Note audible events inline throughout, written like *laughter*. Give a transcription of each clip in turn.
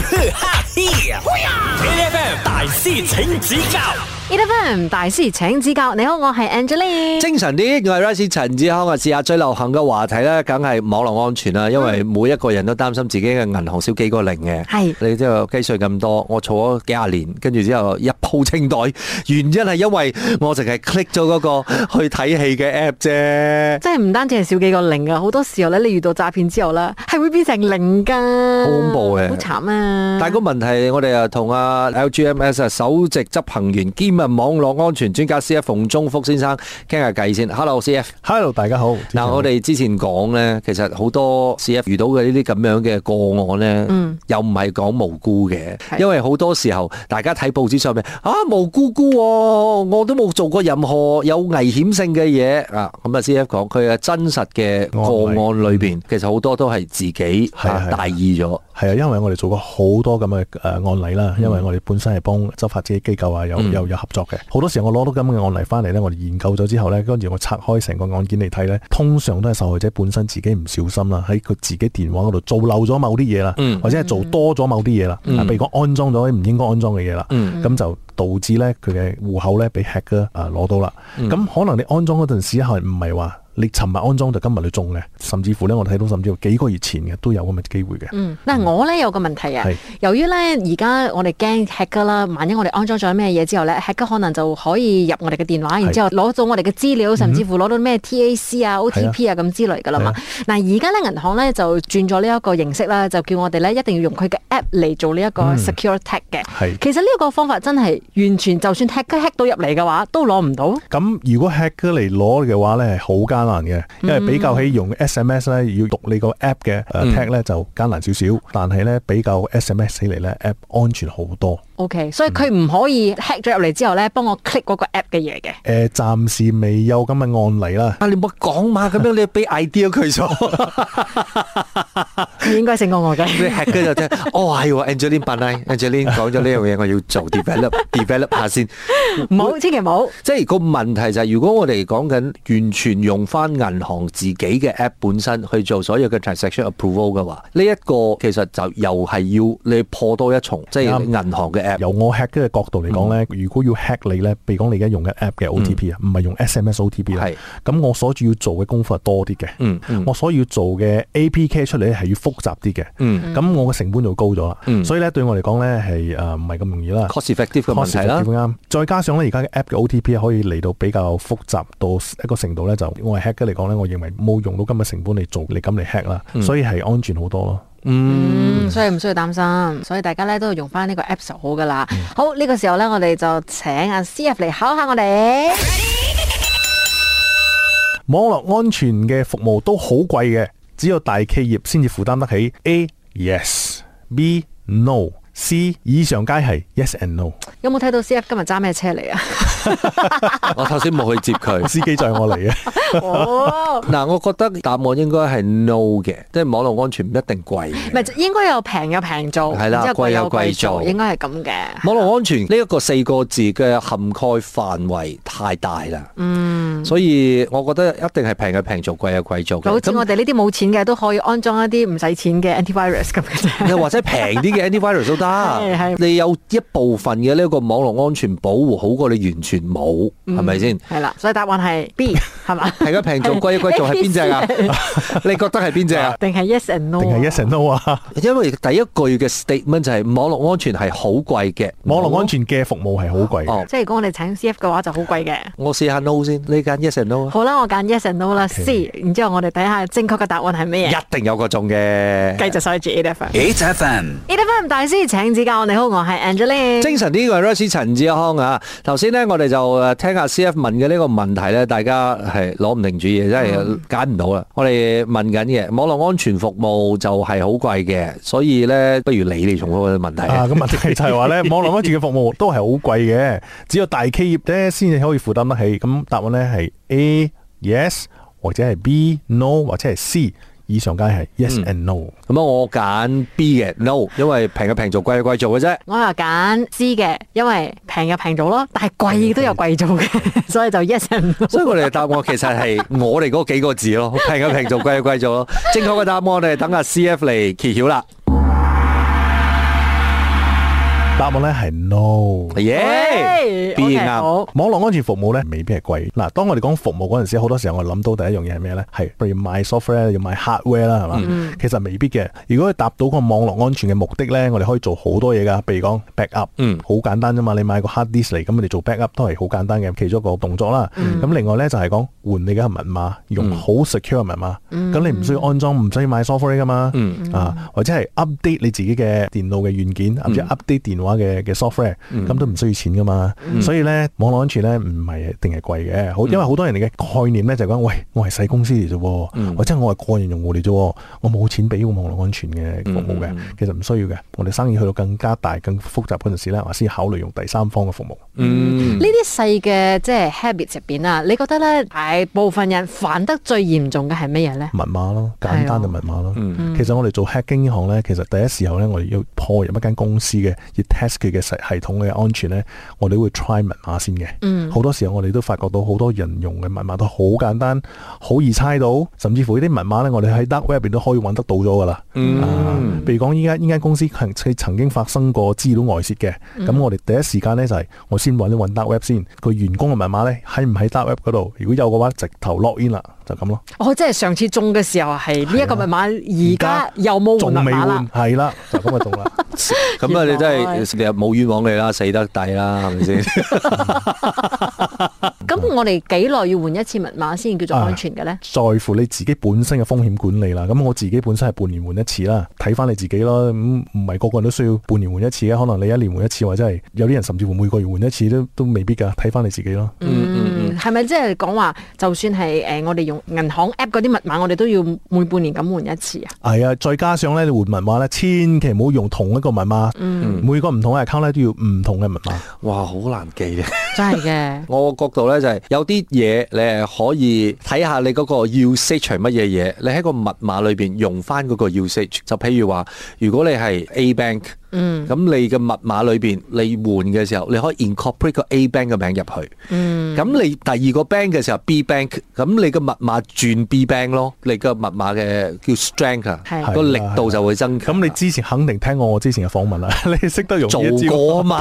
哈哈！嘿，哎呀，大師，請指教。ITM 大師請指教，你好，我係 Angeline。精神啲，我係 Royce 陳志康啊，試下最流行嘅話題咧，梗係網絡安全啦。因為每一個人都擔心自己嘅銀行少幾個零嘅。係。你之後計稅咁多，我儲咗幾廿年，跟住之後一鋪清袋，原因係因為我淨係 click 咗嗰個去睇戲嘅 app 啫。真係唔單止係少幾個零啊，好多時候咧，你遇到詐騙之後咧，係會變成零噶。好恐怖嘅。好慘啊！但係個問題，我哋啊同阿 LGMS 啊首席執行員兼。網絡安全專家 C.F. 馮宗福先生先聊聊，傾下偈先。Hello，C.F. Hello，大家好。嗱，我哋之前講咧，其實好多 C.F. 遇到嘅呢啲咁樣嘅個案咧、嗯，又唔係講無辜嘅，因為好多時候大家睇報紙上面啊無辜辜、啊，我都冇做過任何有危險性嘅嘢啊。咁啊，C.F. 講佢嘅真實嘅個案裏邊、嗯，其實好多都係自己、啊、是的大意咗。係啊，因為我哋做過好多咁嘅誒案例啦、嗯，因為我哋本身係幫執法者機構啊，又又有作嘅，好多時候我攞到咁嘅案例翻嚟咧，我哋研究咗之後咧，跟住我拆開成個案件嚟睇咧，通常都係受害者本身自己唔小心啦，喺佢自己電話嗰度做漏咗某啲嘢啦，或者係做多咗某啲嘢啦，啊、嗯，譬如講安裝咗啲唔應該安裝嘅嘢啦，咁、嗯、就導致咧佢嘅戶口咧被 hack 嘅啊攞到啦，咁、嗯、可能你安裝嗰陣時係唔係話？你尋日安裝就今日你中嘅，甚至乎咧我睇到甚至乎幾個月前嘅都有咁嘅機會嘅。嗯，嗱我咧有個問題啊。係。由於咧而家我哋驚 hack 啦，萬一我哋安裝咗咩嘢之後咧 hack 可能就可以入我哋嘅電話，然之後攞到我哋嘅資料，甚至乎攞到咩 TAC、嗯、OTP 啊 OTP 啊咁之類嘅啦嘛。嗱而家咧銀行咧就轉咗呢一個形式啦，就叫我哋咧一定要用佢嘅 app 嚟做呢一個 secure、嗯、tech 嘅。其實呢個方法真係完全就算 hack 到入嚟嘅話，都攞唔到。咁如果 hack 嚟攞嘅話咧，係好難。難嘅，因為比較起用 SMS 咧，要讀你個 app 嘅誒 text 咧就艱難少少，但係咧比較 SMS 起嚟咧，app 安全好多。O.K.，所以佢唔可以 hack 咗入嚟之後咧，幫我 click 嗰個 app 嘅嘢嘅。誒，暫時未有咁嘅案例啦。啊，你冇講嘛，咁樣你俾 idea 佢做，你應該成個外家。你 hack 咗就聽，哦係喎，Angeline，Angeline 講咗呢樣嘢，我要做 develop，develop 下先。唔好，千祈唔好。即係個問題就係，如果我哋講緊完全用翻銀行自己嘅 app 本身去做所有嘅 transaction approval 嘅話，呢一個其實就又係要你破多一重，即係銀行嘅。由我 hack 嘅角度嚟講咧，如果要 hack 你咧，譬如講你而家用嘅 app 嘅 OTP 啊、嗯，唔係用 SMS OTP 啦，咁我所要做嘅功夫係多啲嘅、嗯嗯，我所要做嘅 APK 出嚟咧係要複雜啲嘅，咁、嗯、我嘅成本就會高咗啦、嗯，所以咧對我嚟講咧係誒唔係咁容易啦。cost effective 嘅問題啦再加上咧而家嘅 app 嘅 OTP 可以嚟到比較複雜到一個程度咧，就我係 hack 嚟講咧，我認為冇用到今日成本嚟做你咁嚟 hack 啦、嗯，所以係安全好多咯。嗯，所以唔需要擔心，所以大家咧都要用翻呢個 apps 好噶啦。嗯、好呢、呢個時候呢，我哋就請阿 C F 嚟，考下我哋。網絡安全嘅服務都好貴嘅，只有大企業先至負擔得起。A yes，B no，C 以上皆係 yes and no。有冇睇到 C F 今日揸咩車嚟啊？ *laughs* 我頭先冇去接佢， *laughs* 司機載我嚟嘅。嗱，我覺得答案應該係 no 嘅，即係網絡安全唔一定貴，唔係應該有平有平做，係啦，貴有貴做，應該係咁嘅。網絡安全呢一個四個字嘅涵蓋範圍太大啦，嗯，所以我覺得一定係平有平做，貴有貴做的。好似我哋呢啲冇錢嘅都可以安裝一啲唔使錢嘅 anti-virus 咁嘅啫， *laughs* 或者平啲嘅 anti-virus 都得， *laughs* 你有一部分嘅呢個網絡安全保護好過你完全全冇係咪先？係、嗯、啦，所以答案係 B 係 *laughs* 嘛？係咯，平仲貴，貴仲係邊隻啊？是哪一 *laughs* 你覺得係邊隻啊？定係 yes and no？定係、就是哦哦 no、yes and no 啊？因為第一句嘅 statement 就係網絡安全係好貴嘅，網絡安全嘅服務係好貴。哦，即係如果我哋請 C F 嘅話就好貴嘅。我試下 no 先，你揀 yes and no。好啦，我揀 yes and no 啦。C，然之後我哋睇下正確嘅答案係咩啊？一定有個中嘅，繼續收住 E T F M。E T F M，E T F M 大師，請指教我哋好，我係 Angeline。精神啲位 Royce 陳志康啊，頭先呢，我。我哋就聽下 C F 問嘅呢個問題咧，大家係攞唔定主意，真係揀唔到啦。我哋問緊嘅網絡安全服務就係好貴嘅，所以咧，不如你哋重複個問題。啊，個問題就係話咧， *laughs* 網絡安全嘅服務都係好貴嘅，只有大企業咧先至可以負擔得起。咁、那個、答案咧係 A yes 或者係 B no 或者係 C。以上皆係 yes and no。咁、嗯、啊，嗯嗯嗯嗯、我揀 B 嘅 *laughs* no，因為平嘅平做，貴嘅貴做嘅啫。我又揀 C 嘅，因為平嘅平做咯，但係貴都有貴做嘅，所以就 yes and no。所以我哋嘅答案其實係我哋嗰幾個字咯， *laughs* 平嘅平做，貴嘅貴做咯。正確嘅答案我哋等阿 C F 嚟揭曉啦。答案咧係 no，耶，好、yeah, okay,，okay, okay, okay. 網絡安全服務咧未必係貴。嗱，當我哋講服務嗰陣時好多時候我諗到第一樣嘢係咩咧？係譬如買 software 要買 hardware 啦，係嘛？其實未必嘅。如果係達到個網絡安全嘅目的咧，我哋可以做好多嘢㗎。譬如講 back up，好、mm-hmm. 簡單啫嘛。你買個 hard disk 嚟，咁你做 back up 都係好簡單嘅，其中一個動作啦。咁、mm-hmm. 另外咧就係講換你嘅密碼，用好 secure 嘅密碼。咁、mm-hmm. 你唔需要安裝，唔需要買 software 㗎嘛。Mm-hmm. 啊，或者係 update 你自己嘅電腦嘅軟件，或者 update 電話。嘅嘅 software，咁都唔需要錢噶嘛、嗯，所以咧網絡安全咧唔係一定係貴嘅，好、嗯、因為好多人哋嘅概念咧就講、是、喂，我係細公司嚟啫、嗯，或者我係個人用戶嚟啫，我冇錢俾網絡安全嘅服務嘅、嗯嗯，其實唔需要嘅。我哋生意去到更加大、更複雜嗰陣時咧，我先考慮用第三方嘅服務。呢啲細嘅即係 habit 入邊啊，你覺得咧大部分人犯得最嚴重嘅係乜嘢咧？密碼咯，簡單嘅密碼咯。其實我哋做 hacking 呢行咧，其實第一時候咧我哋要破入一間公司嘅 task 嘅系統嘅安全呢，我哋會 try 密碼先嘅。好、嗯、多時候我哋都發覺到好多人用嘅密碼都好簡單，好易猜到。甚至乎呢啲密碼呢，我哋喺 dark web 入邊都可以揾得到咗噶啦。嗯，譬、啊、如講依家呢間公司曾經經發生過資料外泄嘅，咁、嗯、我哋第一時間呢、就是，就係我先揾一揾 dark web 先，佢員工嘅密碼呢，喺唔喺 dark web 嗰度？如果有嘅話，直頭 log in 啦。就咁咯。我、哦、即係上次中嘅時候係呢一個密碼、啊，而家又冇仲未換啦。係啦、啊，就咁咪中啦。咁 *laughs* 啊，你真係又冇冤枉你啦，死得抵啦，係咪先？ *laughs* *laughs* 咁我哋幾耐要換一次密碼先叫做安全嘅咧？啊？在乎你自己本身嘅風險管理啦。咁我自己本身係半年換一次啦，睇翻你自己咯。唔係個個人都需要半年換一次嘅，可能你一年換一次或者係有啲人甚至乎每個月換一次都都未必噶，睇翻你自己咯。嗯嗯，係咪即係講話就算係誒我哋用銀行 app 嗰啲密碼，我哋都要每半年咁換一次啊？係啊，再加上咧你換密碼咧，千祈唔好用同一個密碼。嗯。每個唔同嘅 account 咧都要唔同嘅密碼。哇，好難記嘅。真係嘅。 *laughs* 我個角度咧。就係、是、有啲嘢你係可以睇下你嗰個 usage 係乜嘢嘢，你喺個密碼裏邊用翻嗰個 usage。就譬如話，如果你係 A Bank。嗯，咁你嘅密碼裏邊，你換嘅時候，你可以 incorporate 個 A bank 嘅名入去。嗯，咁你第二個 bank 嘅時候，B bank，咁你嘅密碼轉 B bank 咯。你嘅密碼嘅叫 strength 啊，個、力度就會增強。咁你之前肯定聽過我之前嘅訪問啦， *laughs* 你識得用做啊嘛？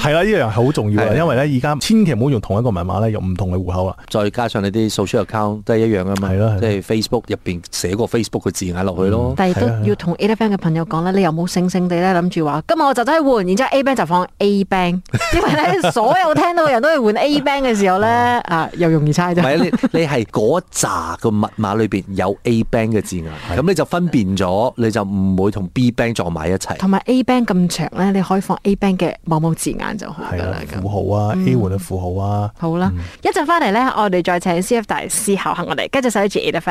係啦，呢樣係好重要啊，因為咧，而家千祈唔好用同一個密碼咧，用唔同嘅戶口啊，再加上你啲 social account 都係一樣啊嘛，即係、就是、Facebook 入邊寫個 Facebook 嘅字眼落去咯、嗯。但係都要同 A bank 嘅朋友講。嗯。你又冇醒醒地咧諗住話，今日我就真係換，然之後 A Bank 就放 A Bank，因為咧所有聽到嘅人都要換 A Bank 嘅時候咧，哦、啊又容易猜啫。係你係係嗰扎個密碼裏邊有 A Bank 嘅字眼，咁你就分辨咗，你就唔會同 B Bank 撞埋一齊。同埋 A Bank 咁長咧，你可以放 A Bank 嘅某某字眼就係啦、啊，符號啊、嗯、，A 換嘅符號啊。好啦，一陣翻嚟咧，我哋再請 C F 大師考下我哋，跟住收住 A F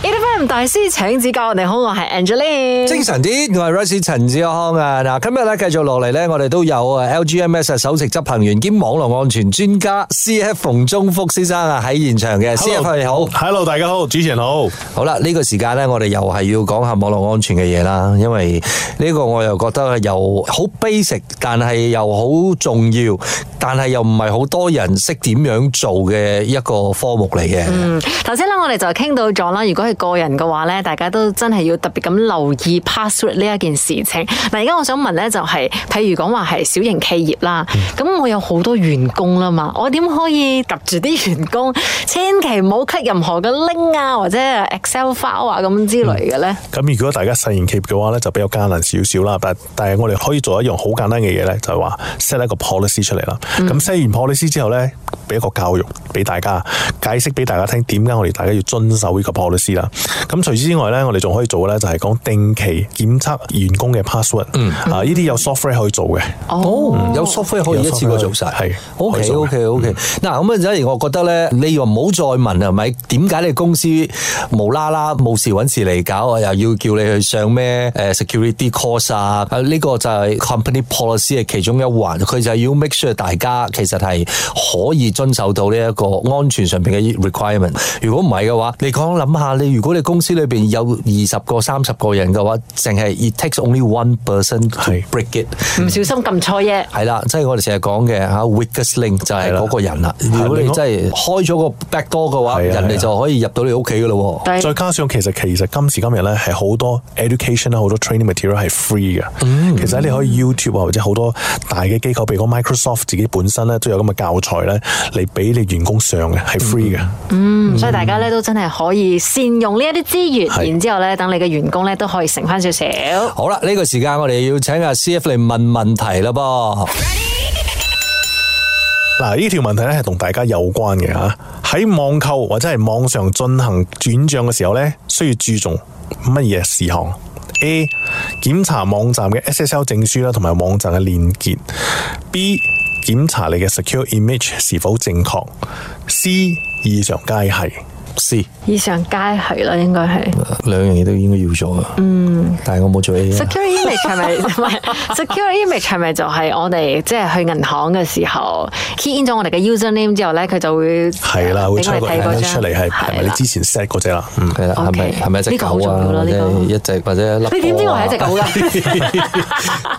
ITM 大師請指教，你好，我係 Angeline。精神啲，我係 Royce 陳志康啊。嗱，今日咧繼續落嚟咧，我哋都有啊 LGMS 首席執行員兼網絡安全專家 C F 馮宗福先生啊喺現場嘅。C F 你好，Hello，大家好，主持人好。好啦，呢個時間咧，我哋又係要講下網絡安全嘅嘢啦，因為呢個我又覺得又好 basic，但係又好重要，但係又唔係好多人識點樣做嘅一個科目，嚟嘅。嗯，頭先咧我哋就傾到咗啦，如果個人嘅話咧，大家都真係要特別咁留意 password 呢一件事情。嗱，而家我想問咧、就是，就係譬如講話係小型企業啦，咁、嗯、我有好多員工啦嘛，我點可以及住啲員工，千祈唔好 cut 任何嘅 link 啊或者 Excel file 啊咁之類嘅咧？咁、嗯、如果大家小型企業嘅話咧，就比較艱難少少啦。但係但係我哋可以做一樣好簡單嘅嘢咧，就係話 set 一個 policy 出嚟啦。咁、嗯、set 完 policy 之後咧，俾一個教育俾大家，解釋俾大家聽點解我哋大家要遵守呢個 policy。咁除此之外咧，我哋仲可以做嘅咧，就係講定期檢測員工嘅 password。嗯，啊，呢啲有 software 可以做嘅。哦，嗯、有 software 可以一次過做晒。係，OK OK OK。嗱、嗯，咁啊，而我覺得咧，你又唔好再問係咪點解你公司無啦啦冇事揾事嚟搞？又要叫你去上咩誒 security course 啊？呢、呢個就係 company policy 嘅其中一環，佢就係要 make sure 大家其實係可以遵守到呢一個安全上邊嘅 requirement。如果唔係嘅話，你講諗下呢。如果你公司裏邊有二十個三十個人嘅話，淨係 it takes only one person 去 break it，唔、mm. 小心撳錯嘢。係啦，即、就、係、是、我哋成日講嘅嚇 weak link 就係個人啦。如果你真係開咗個 back door 嘅話，人哋就可以入到你屋企噶咯。再加上其實其實今時今日咧係好多 education 啦，好多 training material 係 free 嘅。Mm-hmm. 其實你可以 YouTube 啊，或者好多大嘅機構譬如講 Microsoft 自己本身咧都有咁嘅教材咧，嚟俾你員工上嘅係 free 嘅。嗯、mm-hmm. mm-hmm.，mm-hmm. 所以大家咧都真係可以先。用呢一啲資源，然之後咧，等你嘅員工咧都可以成翻少少。好啦，呢個時間我哋要請阿 CF 嚟問問題啦噃。嗱，呢條問題咧係同大家有關嘅吓。喺網購或者係網上進行轉賬嘅時候咧，需要注重乜嘢事項？A. 檢查網站嘅 SSL 證書啦，同埋網站嘅連結。B. 檢查你嘅 Secure Image 是否正確。C. 以上皆係。以上皆係啦，應該係兩樣嘢都應該要做噶。嗯，但係我冇做 A。Security image 係咪？Security image 係咪就係我哋即係去銀行嘅時候，key in 咗我哋嘅 user name 之後咧，佢就會係啦，會出嚟，係係咪你之前 set 嗰隻啦？嗯，係啦，係咪係咪一隻狗啊？即係一隻或者，這個，或者你點知我係一隻狗啦？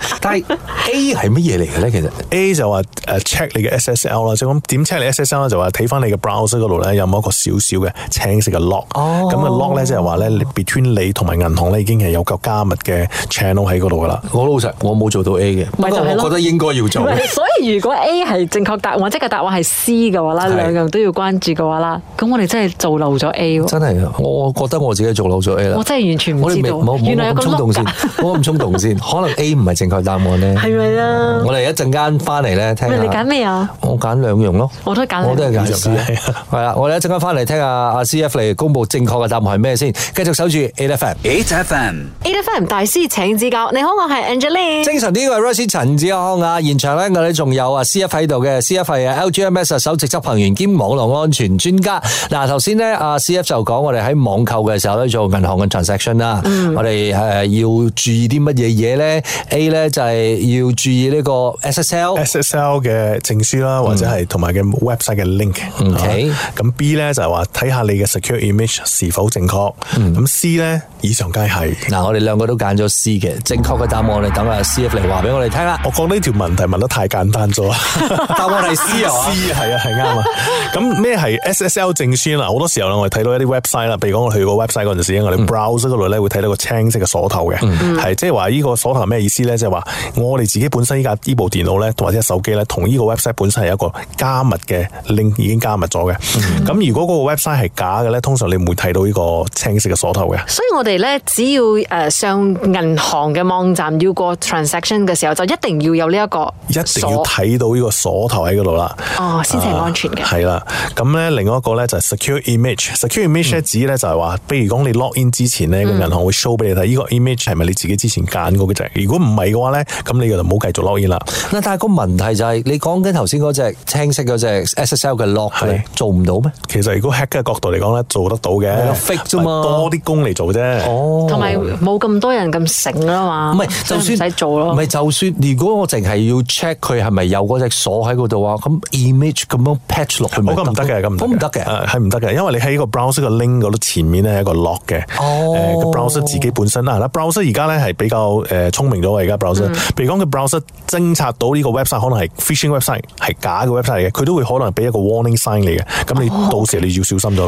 *laughs* *laughs* *laughs* 但係 A 係乜嘢嚟嘅咧？其 *laughs* 實 A 就話誒、uh, check 你嘅 SSL 啦，即咁點 check 你嘅 SSL 咧？就話睇翻你嘅 browser 嗰度咧，有冇一個少少嘅。請食個 lock，咁、oh. 啊 lock 咧即係話咧，between 你同埋銀行咧已經係有個加密嘅 channel 喺嗰度噶啦。我老實說，我冇做到 A 嘅，不過我覺得應該要做的。所以如果 A 係正確答案，即係個答案係 C 嘅話啦，兩樣都要關注嘅話啦，咁我哋真係做漏咗 A 喎。真係，我覺得我自己做漏咗 A 啦。我真係完全唔知道。唔好咁衝動先，唔好咁衝動先。 *laughs* 可能 A 唔係正確答案咧。係咪啊？我哋一陣間翻嚟咧，聽下。咩？你揀咩啊？我揀兩樣咯。我都揀兩樣。我都係揀 C, C。係係啦，我哋一陣間翻嚟聽下。C.F. 嚟公布正確嘅答案係咩先？繼續守住 8FM，8FM，8FM 大師請指教。你好，我係 Angeline。精神啲位 Royce 陳志康啊！現場咧我哋仲有啊 C.F. 喺度嘅，C.F. 係 L.G.M.S. 首席執行員兼網絡安全專家。嗱頭先咧啊 C.F. 就講我哋喺網購嘅時候咧做銀行嘅 transaction 啦、mm.，我哋誒要注意啲乜嘢嘢咧？A 咧就係要注意呢個 SSL，SSL 嘅證書啦，或者係同埋嘅 website 嘅 link。咁、okay. B 咧就係話睇下。你嘅 secure image 是否正確？咁、嗯、C 咧，以上皆係。嗱、嗯，我哋兩個都揀咗 C 嘅，正確嘅答案我哋等阿 C F 嚟話俾我哋聽啦。我覺得呢條問題問得太簡單咗 *laughs* 答案係 C 啊，C 係啊，係啱啊。咁咩係 SSL 證書啊？好多時候啦、嗯、我哋睇到一啲 website 啦，譬如講我去個 website 嗰陣時，我哋 browse 嗰度咧會睇到個青色嘅鎖頭嘅，係即係話呢個鎖頭係咩意思咧？即係話我哋自己本身依家呢部電腦咧，或者手機咧，同呢個 website 本身係一個加密嘅，link 已經加密咗嘅。咁、嗯、如果嗰個 website 係假嘅咧，通常你唔會睇到呢個青色嘅鎖頭嘅。所以我哋咧，只要誒上銀行嘅網站要過 transaction 嘅時候，就一定要有呢一個，一定要睇到呢個鎖頭喺嗰度啦。哦，先至安全嘅。係、啊、啦，咁咧另外一個咧就係 secure image。secure image 係、嗯、指咧就係話，譬如講你 log in 之前咧，個、嗯、銀行會 show 俾你睇，呢個 image 係咪你自己之前揀過嘅。隻如果唔係嘅話咧，咁你就唔好繼續 log in 啦。嗱，但係個問題就係、是，你講緊頭先嗰隻青色嗰隻 SSL 嘅 lock 係做唔到咩？其實如果 hack 嘅角。度嚟講咧，做得到嘅，fix 啫嘛，多啲工嚟做啫。哦，同埋冇咁多人咁醒啊嘛。唔係，就算使做咯。唔係就算，如果我淨係要 check 佢係咪有嗰隻鎖喺嗰度啊，咁 image 咁樣 patch 落去，都唔得嘅，咁唔得嘅，係唔得嘅。因為你喺個 browser 嘅 link 嗰度，前面咧有一個 lock 嘅。哦，誒、呃、個 browser 自己本身啊，browser 而家咧係比較誒聰明咗。而家 browser，譬、嗯、如講個 browser 偵察到呢個 website 可能係 phishing website，係假嘅 website 嘅，佢都會可能俾一個 warning sign 嚟嘅。咁你到時候你要小心咗。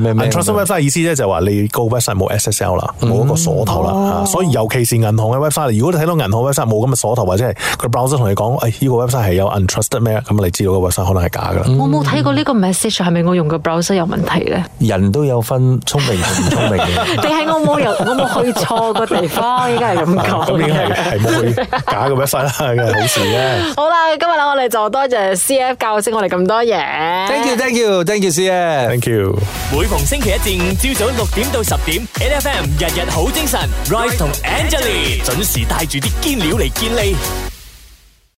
untrusted website 意思咧就係話你個 website 冇 SSL 啦，冇一個鎖頭啦，所以尤其是銀行嘅 website，如果你睇到銀行 website 冇咁嘅鎖頭或者係佢 browser 同你講，誒呢個 website 係有 untrusted 咩咁，你知道個 website 可能係假嘅。我冇睇過呢個 message，係咪我用嘅 browser 有問題咧？人都有分聰明同唔聰明嘅，定係我冇有我冇去錯個地方？依家係咁講，咁應該係係冇去假嘅 website 啦，係好事咧。好啦，今日咧我哋就多謝 CF 教識我哋咁多嘢。Thank you，Thank you，Thank you，CF。Thank you。每逢星期一至五朝早六點到十點，NFM 日日好精神，Royce 同 Angeline 準時帶住啲堅料嚟見你。